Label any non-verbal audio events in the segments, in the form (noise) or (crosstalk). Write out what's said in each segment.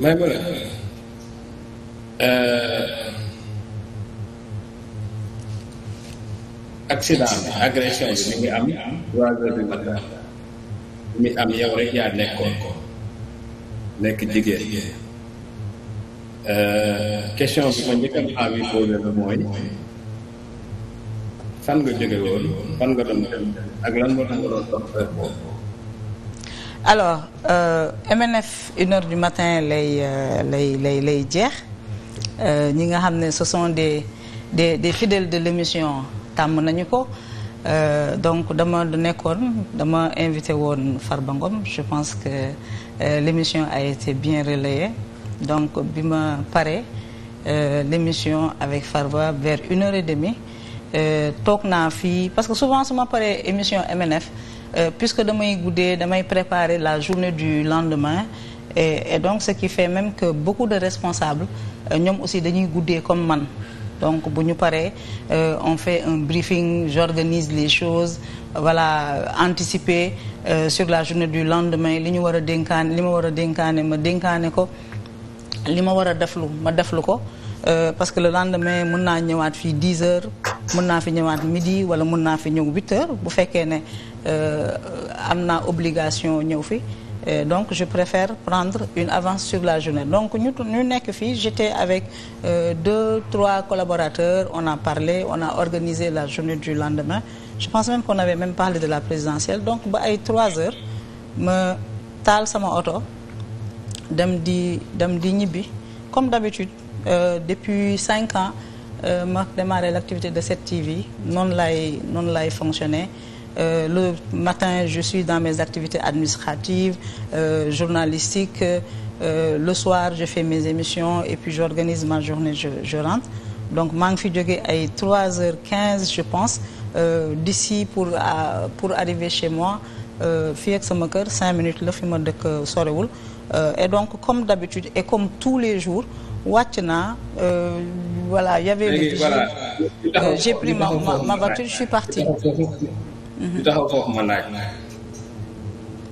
may mun a uh, accident bi agression bi mi ngi am trois am yow rek yaa nekkoon ko nekk jigéen uh, question bi ma njëkk a am posé la mooy fan nga jóge woon fan nga doon ak lan moo tax nga doon topp heure boobu alors euh, MNF une heure du matin lay euh, lay lay lay jeex euh, ñi nga xam ne ce sont des des des fidèles de l'émission tàmm nañu ko euh, donc dama nekkoon dama invité woon Farba Ngom je pense que euh, l'émission a été bien relayée donc bi ma paree l'émission avec Farba vers une heure et demie toog naa fii parce que souvent su ma paree émission MNF Euh, puisque damay guddee damay préparer la journée du lendemain et, donc ce qui fait même que beaucoup de responsables euh, ñoom aussi dañuy guddee comme man donc bu ñu paree euh, on fait un briefing j'organise les choses voilà anticiper euh, sur la journée du lendemain li ñu war a dénkaane li ma war a dénkaane ma dénkaane ko li ma war a deflu ma deflu ko parce que le lendemain mën naa ñëwaat fii heures mun naa fi ñëwaat midi wala mun naa fi ñëw huit heures bu fekkee ne euh, am na obligation ñëw fi donc je préfère prendre une avance sur la journée donc ñu ñu nekk fii j'étais avec euh, deux trois collaborateurs on a parlé on a organisé la journée du lendemain je pense même qu'on avait même parlé de la présidentielle donc ba ay trois heures ma taal sama oto dem di dem di ñibbi comme d'habitude euh, depuis cinq ans Euh, ma démarré l'activité de cette TV noonu lay noonu lay fonctionner Euh, le matin je suis dans mes activités administratives euh, journalistiques euh, le soir je fais mes émissions et puis j'organise ma journée je, je donc maa ngi fi jóge ay trois heures quinze je pense euh, d'ici pour à, pour arriver chez moi euh, fii ak sama kër 5 la fi ma dëkk sorewul et donc comme d'habitude et comme tous les jours wàcc naa euh, voilà y avait léegi voilà euh, j'ai pris ma ma voiture suis parti. du mhm. taxaw foofu ma laaj.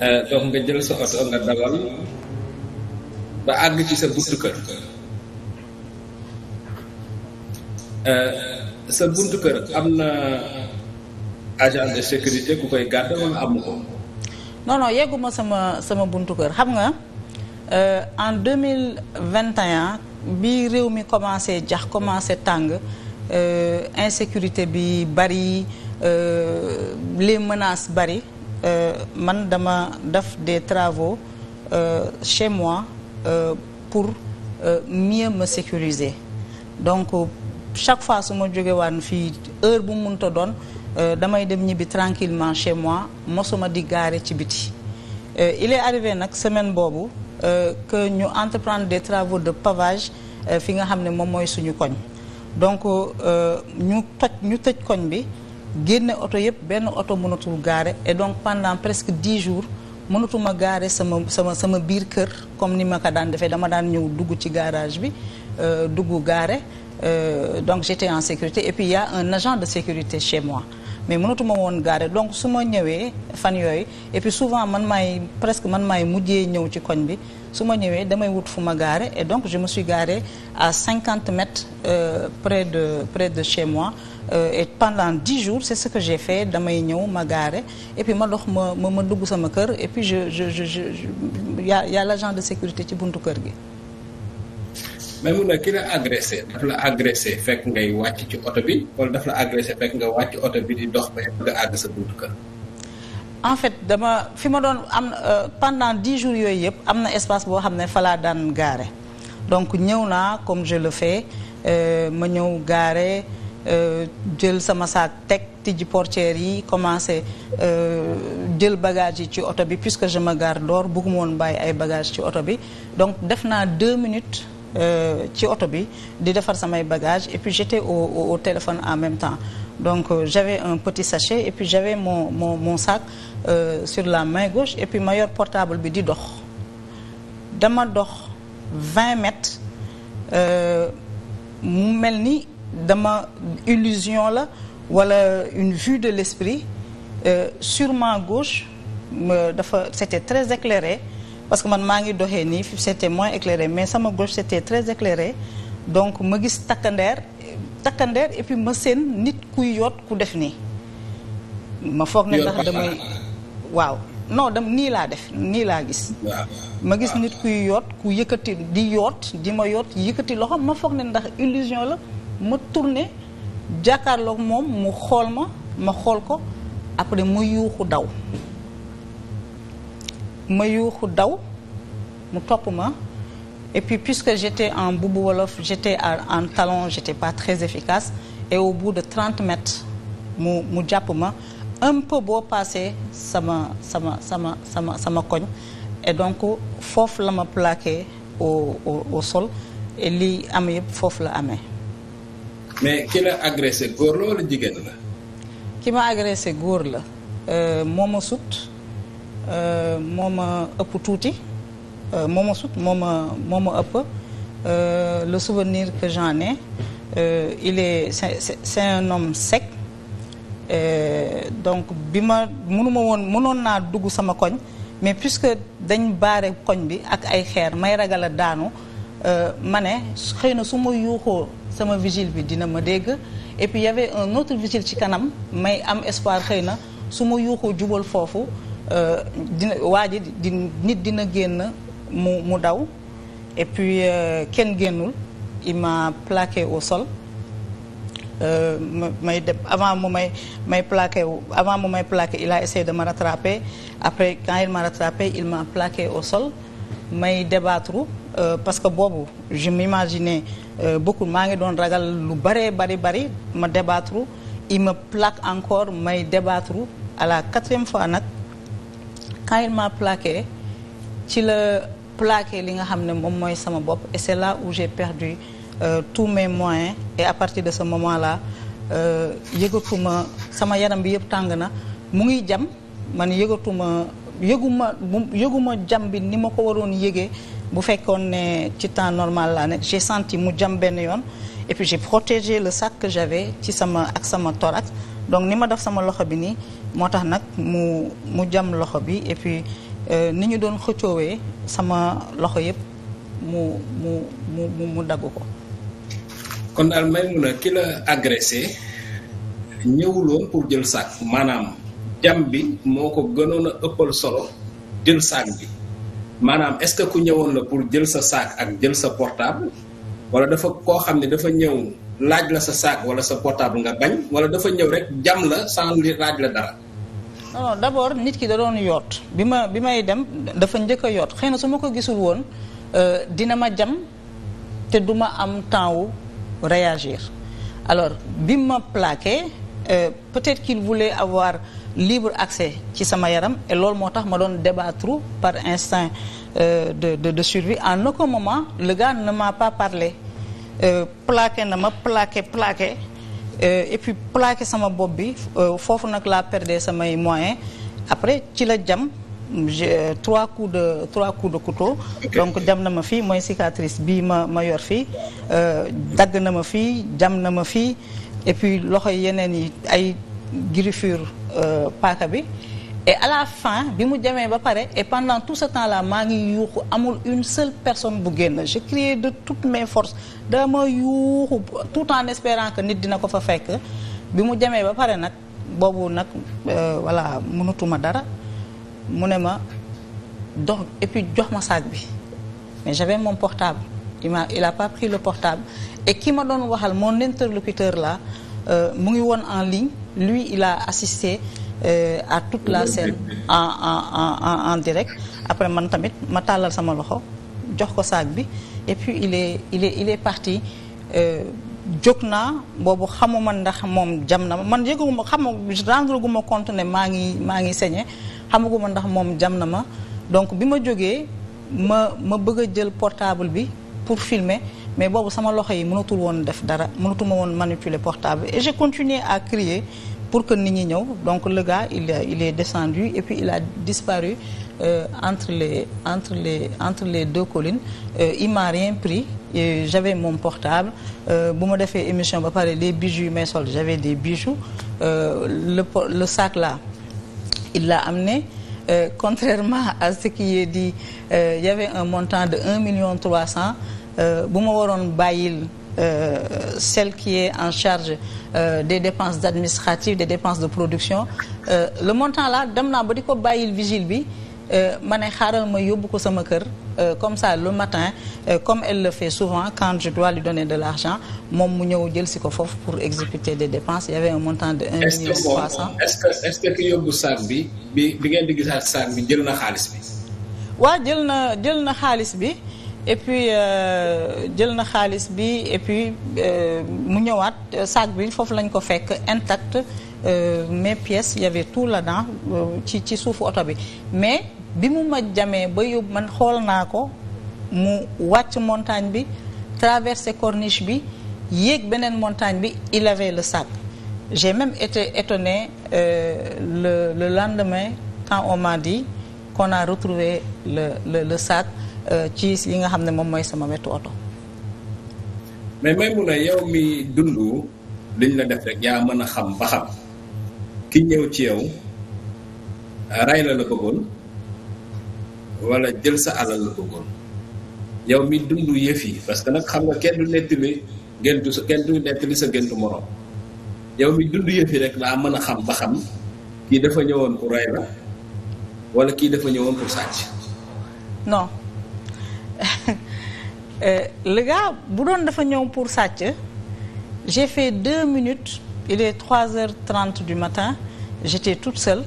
Euh, donc nga jël sa oto nga dawal ba àgg ci sa buntu kër. sa buntu kër am na agent de sécurité ku koy gàdde wala amu ko. yegguma sama sama buntu kër xam nga en deux mille vingt et bi réew mi commencé jax commencé tàng euh, insécurité bi bari euh, les menaces bari euh, man dama def des travaux euh, chez moi euh, pour mieux ma sécuriser donc chaque fois su ma jóge waan fii heure bu mun ta doon damay dem ñibbi tranquillement chez moi mosuma di gaare ci biti il est arrivé nag semaine boobu Euh, que ñu entreprendre des travaux de pavage euh, fi nga xam ne moom mooy suñu koñ donc euh, ñu toj ñu tëj koñ bi génne oto yëpp benn oto mënatul gaare et donc pendant presque dix jours mënatuma gaare sama sama sama biir kër comme ni ma ko daan defee dama daan ñëw dugg ci garage bi duggu gaare donc j'étais en sécurité et puis il un agent de sécurité chez moi mais mënatuma woon gaare donc su ma ñëwee fan yooyu et souvent man maay presque man maay mujjee ñëw ci koñ bi su ma ñëwee damay wut fu ma gaare et donc je me suis garée à 50 mètres euh, près de près de chez mois euh, et pendant 10 jours c'est ce que j'ai fait damay ñëw ma gaare et ma dox ma ma ma dugg sama kër et puis je je je je y de sécurité ci buntu kër gi Maimouna ki la agressé daf la agressé fekk ngay wàcc ci oto bi wala daf la agressé fekk nga wàcc oto bi di dox ba nga àgg sa buntu en fait dama fi ma doon am euh, pendant dix jours yooyu yëpp am na espace boo xam ne falaa daan gaare donc ñëw naa comme je le fais euh, ma ñëw gaare euh, jël sama saak teg tijji portière yi commencé jël bagage yi ci oto bi puisque je me gare dehors bëgguma woon bàyyi ay bagage ci oto bi donc def naa deux minutes Euh, ci oto bi di defar samay bagage et puis j'étais au, au, téléphone en même temps donc euh, j'avais un petit sachet et puis j'avais mon mon mon sac euh, sur la main gauche et puis ma yor portable bi di dox dama dox vingt mètres euh, mu mel ni dama illusion la wala une vue de l'esprit euh, sur ma gauche dafa c'était très éclairé parce que man maa ngi doxee nii c'était moins éclairé mais sama gauche c'était très éclairé donc ma gis takkandeer takkandeer et ma seen nit kuy yoot ku def nii ma foog ne ndax damay waaw non dam nii laa def nii laa gis ma gis nit kuy yoot ku yëkkati di yoot di ma yoot yëkkati loxo ma foog ne ndax illusion la ma tourné jàkkaarlook moom mu xool ma ma xool ko après ma yuuxu daw ma yuuxu daw mu topp ma et puis puisque j'étais en boubou wolof j'étais en talon j'étais pas très efficace et au bout de 30 mètres mu mu jàpp ma un peu boo passé sama sama sama sama sama koñ et donc foofu la ma plaqué au au au sol et lii am yëpp foofu la amee. mais ki la agressé góor la jigéen la. ki ma agressé góor la euh, moo ma sut. Euh, moo ma ëpp tuuti euh, moo ma sut moo ma ëpp euh, le souvenir que j'en ai il est c'est c'est sec donc bi ma mënuma woon mënoon naa dugg sama koñ mais puisque dañ baare koñ bi ak ay xeer may ragala a daanu ma ne xëy na su ma yuuxoo sama vigile bi dina ma dégg et puis y un autre vigile ci kanam may am espoir xëy na su ma yuuxoo jubal foofu dina waa ji di nit dina génn mu mu daw et puis euh, kenn génnul il m'a plaqué au sol euh, may dem avant mu may may plaqué avant mu may plaqué il a essayé de me rattraper après quand il m'a rattrapé il m'a plaqué au sol may débattre euh, parce que boobu je m'imaginais euh, maa ngi doon ragal lu bëree bari bari ma débattre il me plaque encore may débattre à la quatrième fois nag quand il m'a plaqué ci la plaqué li nga xam ne moom mooy sama bopp et c'est là où j'ai perdu tout euh, tous mes moyens et à partir de ce moment là euh, yëgatuma sama yaram bi yëpp tàng na mu ngi jam man yëgatuma yëguma yëguma jam bi ni ma ko waroon yëgee bu fekkoon ne ci temps normal laa ne j'ai senti mu jam benn yoon et puis j'ai protégé le sac que j'avais ci sama ak sama thorax donc ni ma def sama loxo bi nii moo tax nag mu mu jam loxo bi et puis euh, ni ñu doon xëccoowee sama loxo yëpp mu mu mu mu dagg ko. kon daal Maimouna ki la agressé ñëwuloon pour jël saak maanaam jam bi moo ko gënoon a ëppal solo jël saak bi maanaam est-ce que ku ñëwoon la pour jël sa saak ak jël sa portable walla dafa koo xam ne dafa ñëw. laaj la sa saak wala sa portable nga bañ wala dafa ñëw rek jam la sans laaj la dara. non nit ki da doon yoot bi ma bi may dem dafa njëkk a yoot xëy na su ma ko gisul woon euh, dina ma jam te du ma am temps wu réagir alors bi ma plaqué euh, peut-être qu'il voulait avoir libre accès ci sama yaram et loolu moo tax ma doon débattre par instinct euh, de de de survie en aucun moment le na m'a pas parlé. Euh, plaqué na ma plaqué plaqué euh, et puis plaqué sama bopp bi euh, foofu nag laa perdre samay moyen après ci la jam trois coups de trois coups de couteau okay. donc jam na ma fii mooy cicatrice bii ma ma yor fii dagg na ma fii jam na ma fii et puis loxo yeneen yi ay griffure paaka bi et à la fin bi mu demee ba pare et pendant tout ce temps là maa ngi yuuxu amul une seule personne bu génn j'ai crié de toutes mes forces dama yuuxu tout en espérant que nit dina ko fa fekk bi mu demee ba pare nag boobu nag euh, voilà mënatuma dara mu ne ma dox et puis jox ma saag bi mais j'avais mon portable il m'a il a pas pris portable et ki ma doon waxal mon interlocuteur là euh, mu ngi woon en ligne lui il a assisté euh, à toute la scène en en en en direct après man tamit ma tàllal sama loxo jox ko saag bi et puis il est il est il parti euh, jóg naa boobu xamuma ndax moom jam na ma man yëguma xamu rendre gu ma compte maa ngi maa ngi sañe xamaguma ndax moom jam na ma donc bi ma jógee ma ma bëgg a jël portable bi pour filmer mais boobu sama loxo yi mënatul woon def dara mënatuma woon manipuler portable et j'ai continué à crier pour que nit ñi ñëw donc le gars il a, il est descendu et puis il a disparu euh, entre les entre les entre les deux collines euh, il m'a rien pris et j'avais mon portable euh, bu ma defee émission ba pare les bijoux yu may sol j'avais des bijoux euh, le le sac là il l'a amené euh, contrairement (laughs) à ce qui est dit il y avait un montant de 1 million bu ma waroon bàyyil Euh, qui est en charge euh, des dépenses administratives des dépenses de production euh, le montant là dem naa ba di ko bàyyil vigile bi euh, ma ne xaaral ma yóbbu ko sama kër euh, comme ça le matin euh, comme el le fait souvent quand je dois lui donner de l'argent moom mu ñëw jël si ko foofu pour exécuter des dépenses il y avait un montant de un million trois cent est que est-ce que ki yóbbu saak bi bi bi ngeen di gisaat saak bi jël na xaalis bi. waaw jël na jël na xaalis bi. et puis euh, jël na xaalis bi et puis euh, mu ñëwaat sac bi foofu lañ ko fekk intact euh, mes pièces y avait tout là-dedans ci ci suufu oto bi mais bi mu ma jamee ba yóbbu man xool naa ko mu wàcc montagne bi traversé corniche bi yéeg beneen montagne bi il le sac j'ai même été étonnée euh, le le lendemain quand on m'a dit qu'on a retrouvé le le le sac Euh, ci li nga xam ne moom mooy sama wetu oto. mais may mun a yow mi dund liñ la def rek yaa mën a xam ba xam ki ñëw ci yow ray la la jël sa alal yow mi dund yëf yi parce que nag xam nga kenn du nettali géntu sa kenn du sa géntu mi dund yëf yi rek mën a xam ba kii dafa ñëwoon pour ray la wala kii dafa ñëwoon pour sàcc. non Euh, le gars bu doon dafa ñëw pour sàcc j'ai fait deux minutes il est trois heures trente du matin j'étais toute seule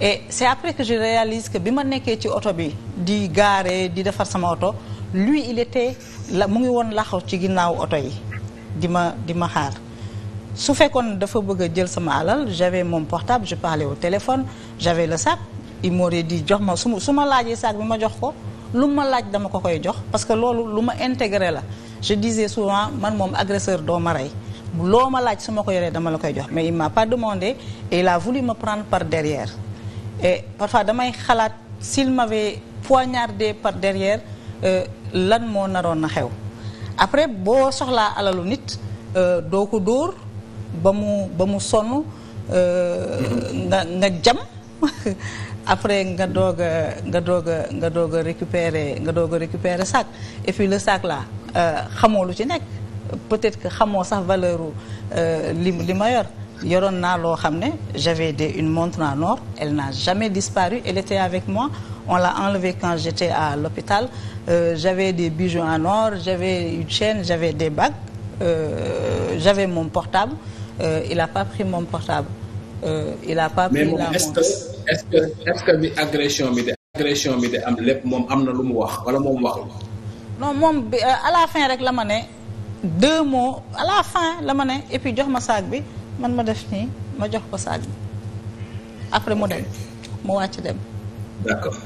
et c'est après que je réalise que bi ma nekkee ci oto bi di gaare di defar sama oto lui il était la mu ngi woon laxaw ci ginnaaw oto yi di ma di ma xaar su fekkoon dafa bëgg a jël sama alal j'avais moom portable je parlais au téléphone j'avais le sac il m'aurait dit jox ma su ma su ma laajee sac bi ma jox ko lu ma laaj dama ko koy jox parce que loolu lu ma intégré la je disais souvent man moom agresseur doo ma rey loo ma laaj su ma ko yoree dama la koy jox mais il m'a pas demandé et la a voulu me par derrière et parfois damay xalaat s'il m'avait poignardé par derrière euh, lan moo naroon na xew après boo soxlaa alalu nit euh, doo ko dóor ba mu ba mu sonn euh, nga nga jam (laughs) après nga doog a nga doog a nga doog a récupérer nga doog a récupérer sac et puis le sac là euh, xamoo lu ci nekk peut-être que xamoo sax valeur u euh, li li ma yor yoroon naa loo xam ne j'avais des une montre en or elle n'a jamais disparu elle était avec moi on l'a enlevée quand j'étais à l'hôpital euh, j'avais des bijoux en or j'avais une chaîne j'avais des bagues euh, j'avais mon portable euh, il a pas pris mon portable euh, il a pas pris la montre est-ce que est-ce que bi agression bi de agression bi de am lépp moom am na lu mu wax wala moom waxul. non moom bi euh, à la fin rek la ma ne deux mots à la fin la ma ne et puis jox ma saag bi man ma def nii ma jox ko saag bi après mu dem mu wàcc dem. d'accord.